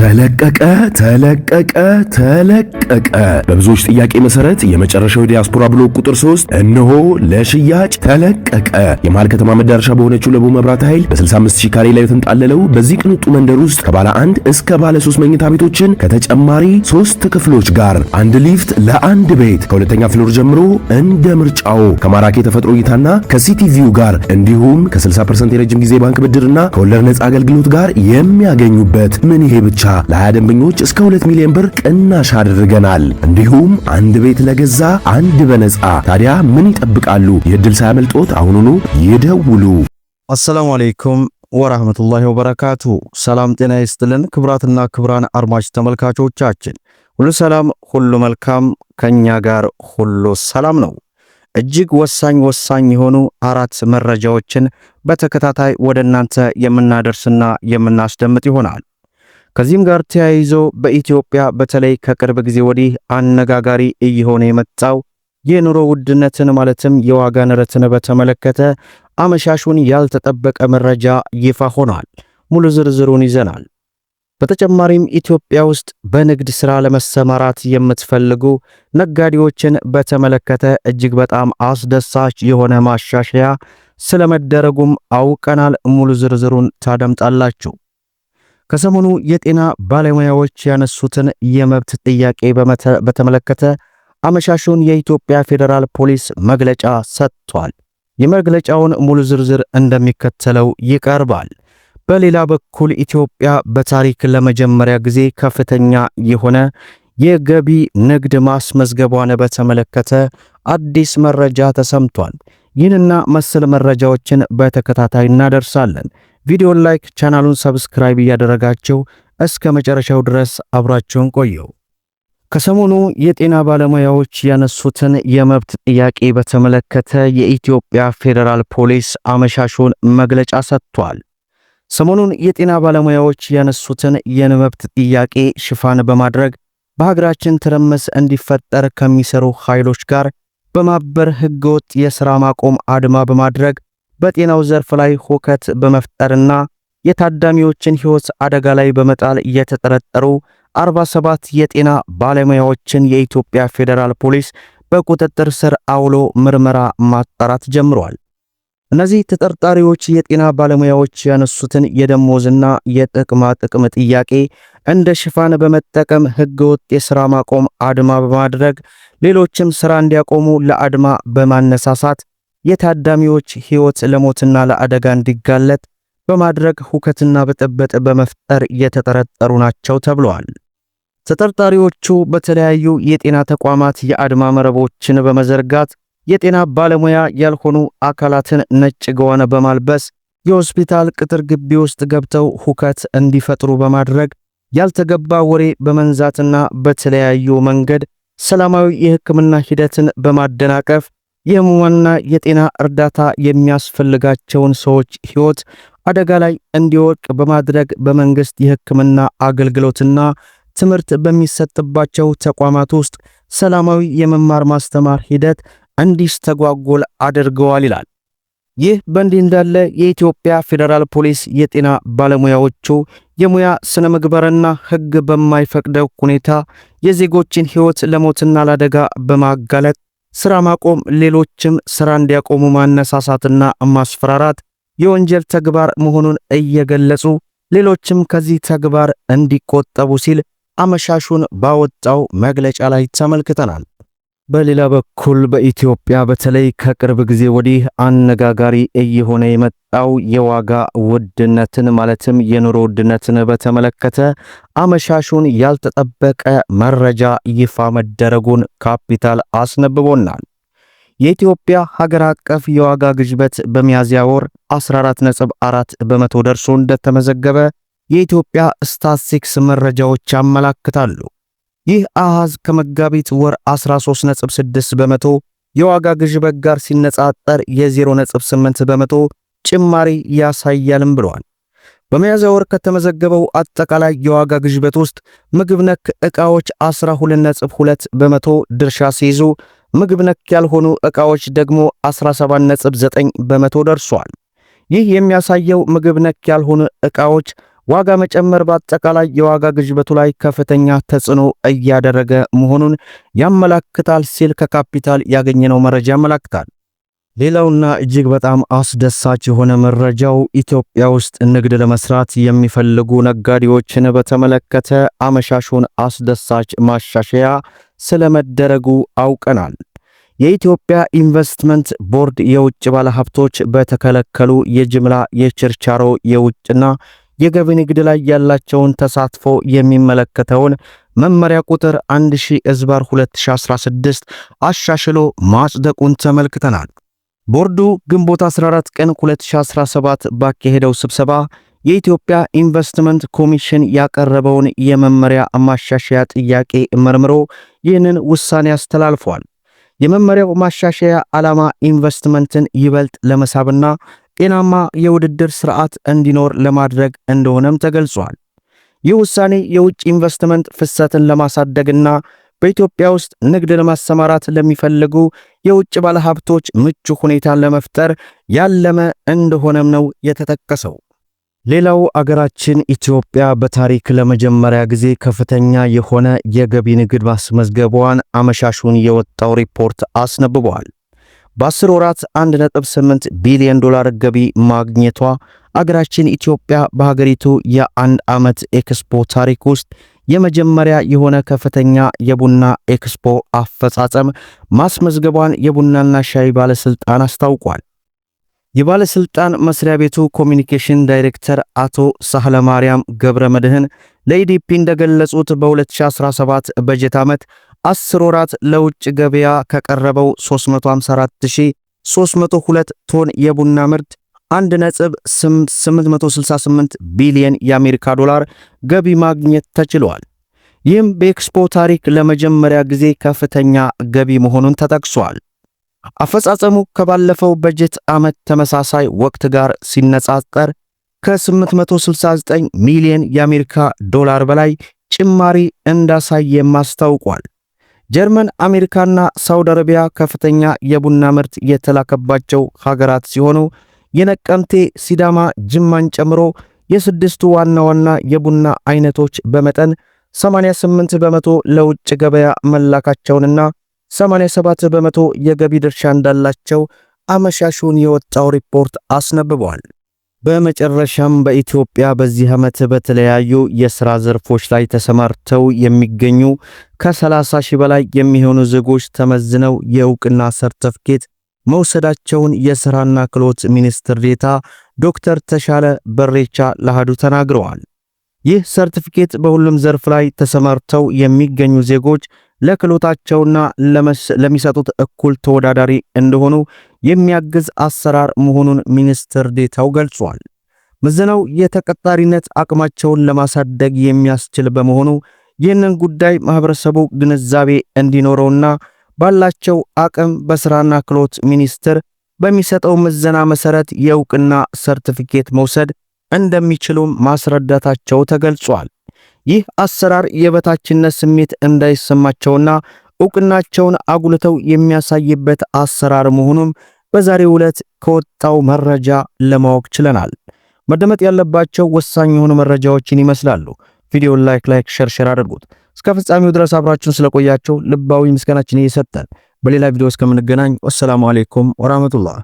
ተለቀቀ ተለቀቀ ተለቀቀ። በብዙዎች ጥያቄ መሰረት የመጨረሻው ዲያስፖራ ብሎክ ቁጥር 3 እነሆ ለሽያጭ ተለቀቀ። የመሃል ከተማ መዳረሻ በሆነችው ለቡ መብራት ኃይል በ65000 ካሬ ላይ የተንጣለለው በዚህ ቅንጡ መንደር ውስጥ ከባለ አንድ እስከ ባለ 3 መኝታ ቤቶችን ከተጨማሪ ሶስት ክፍሎች ጋር አንድ ሊፍት ለአንድ ቤት ከሁለተኛ ፍሎር ጀምሮ እንደ ምርጫው ከማራኪ የተፈጥሮ እይታና ከሲቲቪው ጋር እንዲሁም ከ60% የረጅም ጊዜ ባንክ ብድርና ከወለድ ነጻ አገልግሎት ጋር የሚያገኙበት ምን ይሄ ብቻ ለሀያ ደንበኞች እስከ 2 ሚሊዮን ብር ቅናሽ አድርገናል። እንዲሁም አንድ ቤት ለገዛ አንድ በነፃ። ታዲያ ምን ይጠብቃሉ? የእድል ሳያመልጦት አሁኑኑ ይደውሉ። አሰላሙ አለይኩም ወራህመቱላሂ ወበረካቱ። ሰላም ጤና ይስጥልን ክብራትና ክብራን አድማጭ ተመልካቾቻችን ሁሉ ሰላም ሁሉ መልካም፣ ከኛ ጋር ሁሉ ሰላም ነው። እጅግ ወሳኝ ወሳኝ የሆኑ አራት መረጃዎችን በተከታታይ ወደ እናንተ የምናደርስና የምናስደምጥ ይሆናል። ከዚህም ጋር ተያይዞ በኢትዮጵያ በተለይ ከቅርብ ጊዜ ወዲህ አነጋጋሪ እየሆነ የመጣው የኑሮ ውድነትን ማለትም የዋጋ ንረትን በተመለከተ አመሻሹን ያልተጠበቀ መረጃ ይፋ ሆኗል። ሙሉ ዝርዝሩን ይዘናል። በተጨማሪም ኢትዮጵያ ውስጥ በንግድ ሥራ ለመሰማራት የምትፈልጉ ነጋዴዎችን በተመለከተ እጅግ በጣም አስደሳች የሆነ ማሻሻያ ስለመደረጉም አውቀናል። ሙሉ ዝርዝሩን ታደምጣላችሁ። ከሰሞኑ የጤና ባለሙያዎች ያነሱትን የመብት ጥያቄ በተመለከተ አመሻሹን የኢትዮጵያ ፌዴራል ፖሊስ መግለጫ ሰጥቷል። የመግለጫውን ሙሉ ዝርዝር እንደሚከተለው ይቀርባል። በሌላ በኩል ኢትዮጵያ በታሪክ ለመጀመሪያ ጊዜ ከፍተኛ የሆነ የገቢ ንግድ ማስመዝገቧን በተመለከተ አዲስ መረጃ ተሰምቷል። ይህንና መሰል መረጃዎችን በተከታታይ እናደርሳለን። ቪዲዮን ላይክ፣ ቻናሉን ሰብስክራይብ እያደረጋቸው እስከ መጨረሻው ድረስ አብራችሁን ቆየው። ከሰሞኑ የጤና ባለሙያዎች ያነሱትን የመብት ጥያቄ በተመለከተ የኢትዮጵያ ፌዴራል ፖሊስ አመሻሹን መግለጫ ሰጥቷል። ሰሞኑን የጤና ባለሙያዎች ያነሱትን የመብት ጥያቄ ሽፋን በማድረግ በሀገራችን ትርምስ እንዲፈጠር ከሚሰሩ ኃይሎች ጋር በማበር ህገወጥ የሥራ ማቆም አድማ በማድረግ በጤናው ዘርፍ ላይ ሁከት በመፍጠርና የታዳሚዎችን ሕይወት አደጋ ላይ በመጣል የተጠረጠሩ 47 የጤና ባለሙያዎችን የኢትዮጵያ ፌዴራል ፖሊስ በቁጥጥር ስር አውሎ ምርመራ ማጣራት ጀምሯል። እነዚህ ተጠርጣሪዎች የጤና ባለሙያዎች ያነሱትን የደሞዝና የጥቅማ ጥቅም ጥያቄ እንደ ሽፋን በመጠቀም ህገወጥ የሥራ ማቆም አድማ በማድረግ ሌሎችም ሥራ እንዲያቆሙ ለአድማ በማነሳሳት የታዳሚዎች ሕይወት ለሞትና ለአደጋ እንዲጋለጥ በማድረግ ሁከትና ብጥብጥ በመፍጠር የተጠረጠሩ ናቸው ተብለዋል። ተጠርጣሪዎቹ በተለያዩ የጤና ተቋማት የአድማ መረቦችን በመዘርጋት የጤና ባለሙያ ያልሆኑ አካላትን ነጭ ገዋን በማልበስ የሆስፒታል ቅጥር ግቢ ውስጥ ገብተው ሁከት እንዲፈጥሩ በማድረግ ያልተገባ ወሬ በመንዛትና በተለያዩ መንገድ ሰላማዊ የሕክምና ሂደትን በማደናቀፍ የህሙማንና የጤና እርዳታ የሚያስፈልጋቸውን ሰዎች ህይወት አደጋ ላይ እንዲወድቅ በማድረግ በመንግስት የህክምና አገልግሎትና ትምህርት በሚሰጥባቸው ተቋማት ውስጥ ሰላማዊ የመማር ማስተማር ሂደት እንዲስተጓጎል አድርገዋል ይላል። ይህ በእንዲህ እንዳለ የኢትዮጵያ ፌዴራል ፖሊስ የጤና ባለሙያዎቹ የሙያ ስነ ምግባርና ህግ በማይፈቅደው ሁኔታ የዜጎችን ህይወት ለሞትና ለአደጋ በማጋለጥ ስራ ማቆም፣ ሌሎችም ስራ እንዲያቆሙ ማነሳሳትና ማስፈራራት የወንጀል ተግባር መሆኑን እየገለጹ ሌሎችም ከዚህ ተግባር እንዲቆጠቡ ሲል አመሻሹን ባወጣው መግለጫ ላይ ተመልክተናል። በሌላ በኩል በኢትዮጵያ በተለይ ከቅርብ ጊዜ ወዲህ አነጋጋሪ እየሆነ የመጣው የዋጋ ውድነትን ማለትም የኑሮ ውድነትን በተመለከተ አመሻሹን ያልተጠበቀ መረጃ ይፋ መደረጉን ካፒታል አስነብቦናል። የኢትዮጵያ ሀገር አቀፍ የዋጋ ግሽበት በሚያዝያ ወር 14.4 በመቶ ደርሶ እንደተመዘገበ የኢትዮጵያ ስታትስቲክስ መረጃዎች ያመላክታሉ። ይህ አሃዝ ከመጋቢት ወር 13.6 በመቶ የዋጋ ግሽበት ጋር ሲነጻጠር የ0.8 በመቶ ጭማሪ ያሳያልም ብለዋል። በሚያዝያ ወር ከተመዘገበው አጠቃላይ የዋጋ ግሽበት ውስጥ ምግብ ነክ ዕቃዎች 12.2 በመቶ ድርሻ ሲይዙ ምግብ ነክ ያልሆኑ ዕቃዎች ደግሞ 17.9 በመቶ ደርሷል። ይህ የሚያሳየው ምግብ ነክ ያልሆኑ ዕቃዎች ዋጋ መጨመር በአጠቃላይ የዋጋ ግሽበቱ ላይ ከፍተኛ ተጽዕኖ እያደረገ መሆኑን ያመላክታል ሲል ከካፒታል ያገኘነው መረጃ ያመላክታል። ሌላውና እጅግ በጣም አስደሳች የሆነ መረጃው ኢትዮጵያ ውስጥ ንግድ ለመስራት የሚፈልጉ ነጋዴዎችን በተመለከተ አመሻሹን አስደሳች ማሻሻያ ስለመደረጉ አውቀናል። የኢትዮጵያ ኢንቨስትመንት ቦርድ የውጭ ባለሀብቶች በተከለከሉ የጅምላ የችርቻሮ የውጭና የገቢ ንግድ ላይ ያላቸውን ተሳትፎ የሚመለከተውን መመሪያ ቁጥር 1000 እዝባር 2016 አሻሽሎ ማጽደቁን ተመልክተናል። ቦርዱ ግንቦት 14 ቀን 2017 ባካሄደው ስብሰባ የኢትዮጵያ ኢንቨስትመንት ኮሚሽን ያቀረበውን የመመሪያ ማሻሻያ ጥያቄ መርምሮ ይህንን ውሳኔ አስተላልፏል። የመመሪያው ማሻሻያ ዓላማ ኢንቨስትመንትን ይበልጥ ለመሳብና ጤናማ የውድድር ስርዓት እንዲኖር ለማድረግ እንደሆነም ተገልጿል። ይህ ውሳኔ የውጭ ኢንቨስትመንት ፍሰትን ለማሳደግና በኢትዮጵያ ውስጥ ንግድ ለማሰማራት ለሚፈልጉ የውጭ ባለሀብቶች ምቹ ሁኔታን ለመፍጠር ያለመ እንደሆነም ነው የተጠቀሰው። ሌላው አገራችን ኢትዮጵያ በታሪክ ለመጀመሪያ ጊዜ ከፍተኛ የሆነ የገቢ ንግድ ማስመዝገቧን አመሻሹን የወጣው ሪፖርት አስነብቧል። በ10 ወራት 1.8 ቢሊዮን ዶላር ገቢ ማግኘቷ አገራችን ኢትዮጵያ በሀገሪቱ የአንድ ዓመት ኤክስፖ ታሪክ ውስጥ የመጀመሪያ የሆነ ከፍተኛ የቡና ኤክስፖ አፈጻጸም ማስመዝገቧን የቡናና ሻይ ባለስልጣን አስታውቋል። የባለስልጣን መስሪያ ቤቱ ኮሚኒኬሽን ዳይሬክተር አቶ ሳህለ ማርያም ገብረ መድህን ለኢዲፒ እንደገለጹት በ2017 በጀት ዓመት አስር ወራት ለውጭ ገበያ ከቀረበው 354302 ቶን የቡና ምርት 1.868 ቢሊዮን የአሜሪካ ዶላር ገቢ ማግኘት ተችሏል። ይህም በኤክስፖ ታሪክ ለመጀመሪያ ጊዜ ከፍተኛ ገቢ መሆኑን ተጠቅሷል። አፈጻጸሙ ከባለፈው በጀት ዓመት ተመሳሳይ ወቅት ጋር ሲነጻጸር ከ869 ሚሊዮን የአሜሪካ ዶላር በላይ ጭማሪ እንዳሳየም አስታውቋል። ጀርመን፣ አሜሪካና ሳውዲ አረቢያ ከፍተኛ የቡና ምርት የተላከባቸው ሀገራት ሲሆኑ የነቀምቴ፣ ሲዳማ፣ ጅማን ጨምሮ የስድስቱ ዋና ዋና የቡና አይነቶች በመጠን 88 በመቶ ለውጭ ገበያ መላካቸውንና 87 በመቶ የገቢ ድርሻ እንዳላቸው አመሻሹን የወጣው ሪፖርት አስነብበዋል። በመጨረሻም በኢትዮጵያ በዚህ ዓመት በተለያዩ የሥራ ዘርፎች ላይ ተሰማርተው የሚገኙ ከ30 ሺህ በላይ የሚሆኑ ዜጎች ተመዝነው የእውቅና ሰርተፍኬት መውሰዳቸውን የሥራና ክህሎት ሚኒስትር ዴታ ዶክተር ተሻለ በሬቻ ለአሃዱ ተናግረዋል። ይህ ሰርቲፊኬት በሁሉም ዘርፍ ላይ ተሰማርተው የሚገኙ ዜጎች ለክህሎታቸውና ለሚሰጡት እኩል ተወዳዳሪ እንደሆኑ የሚያግዝ አሰራር መሆኑን ሚኒስትር ዴታው ገልጿል። ምዘናው የተቀጣሪነት አቅማቸውን ለማሳደግ የሚያስችል በመሆኑ ይህንን ጉዳይ ማህበረሰቡ ግንዛቤ እንዲኖረውና ባላቸው አቅም በስራና ክህሎት ሚኒስቴር በሚሰጠው ምዘና መሰረት የእውቅና ሰርቲፊኬት መውሰድ እንደሚችሉም ማስረዳታቸው ተገልጿል። ይህ አሰራር የበታችነት ስሜት እንዳይሰማቸውና እውቅናቸውን አጉልተው የሚያሳይበት አሰራር መሆኑም በዛሬው ዕለት ከወጣው መረጃ ለማወቅ ችለናል። መደመጥ ያለባቸው ወሳኝ የሆኑ መረጃዎችን ይመስላሉ። ቪዲዮን ላይክ ላይክ ሼር ሼር አድርጉት። እስከ ፍጻሜው ድረስ አብራችሁን ስለቆያቸው ልባዊ ምስጋናችን እየሰጠን በሌላ ቪዲዮ እስከምንገናኝ ወሰላሙ አሌይኩም ወራህመቱላህ